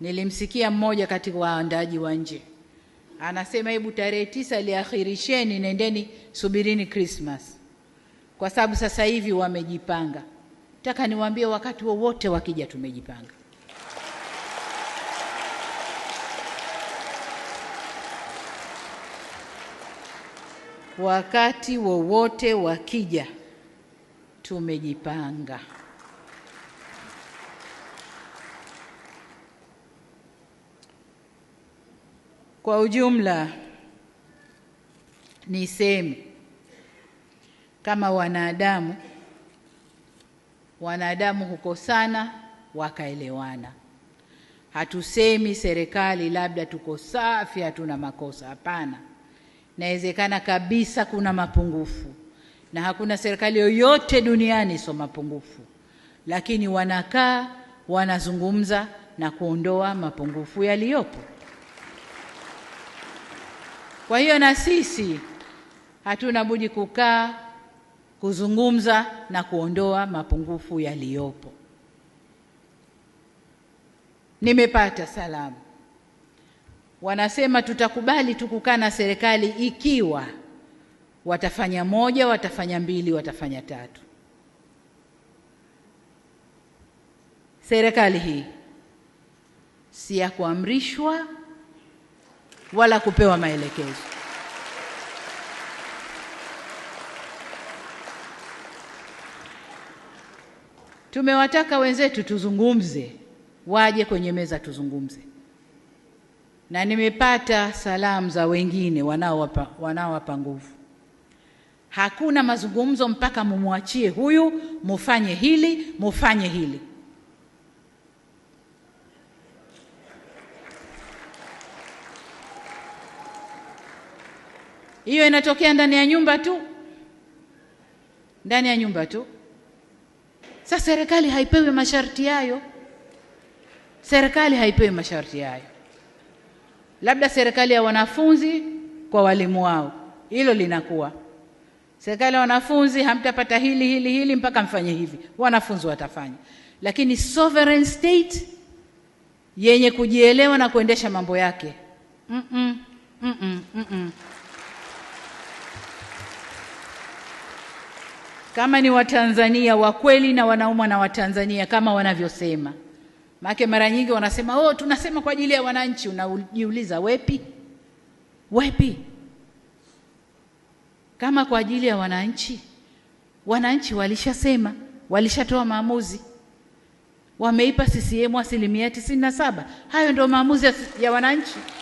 Nilimsikia mmoja kati waandaji wa nje anasema, hebu tarehe tisa liakhirisheni, nendeni subirini Christmas kwa sababu sasa hivi wamejipanga. Nataka niwaambie, wakati wowote wakija, tumejipanga. Wakati wowote wakija, tumejipanga. Kwa ujumla niseme kama wanadamu wanadamu hukosana wakaelewana. Hatusemi serikali labda tuko safi, hatuna makosa. Hapana, inawezekana kabisa kuna mapungufu, na hakuna serikali yoyote duniani sio mapungufu, lakini wanakaa wanazungumza na kuondoa mapungufu yaliyopo. Kwa hiyo na sisi hatuna budi kukaa kuzungumza na kuondoa mapungufu yaliyopo. Nimepata salamu wanasema tutakubali tu kukaa na serikali ikiwa watafanya moja, watafanya mbili, watafanya tatu. Serikali hii si ya kuamrishwa wala kupewa maelekezo. Tumewataka wenzetu tuzungumze, waje kwenye meza tuzungumze, na nimepata salamu za wengine wanaowapa wanaowapa nguvu. Hakuna mazungumzo mpaka mumwachie huyu, mufanye hili, mufanye hili. Hiyo inatokea ndani ya nyumba tu, ndani ya nyumba tu. Sasa serikali haipewi masharti hayo, serikali haipewi masharti hayo. Labda serikali ya wanafunzi kwa walimu wao, hilo linakuwa serikali ya wanafunzi, hamtapata hili hili hili mpaka mfanye hivi, wanafunzi watafanya. Lakini sovereign state yenye kujielewa na kuendesha mambo yake mm -mm, mm -mm, mm -mm. kama ni Watanzania wa kweli na wanaumwa na Watanzania kama wanavyosema. Make mara nyingi wanasema oh, tunasema kwa ajili ya wananchi. Unajiuliza wepi wepi? Kama kwa ajili ya wananchi, wananchi walishasema, walishatoa maamuzi, wameipa CCM asilimia tisini na saba. Hayo ndio maamuzi ya wananchi.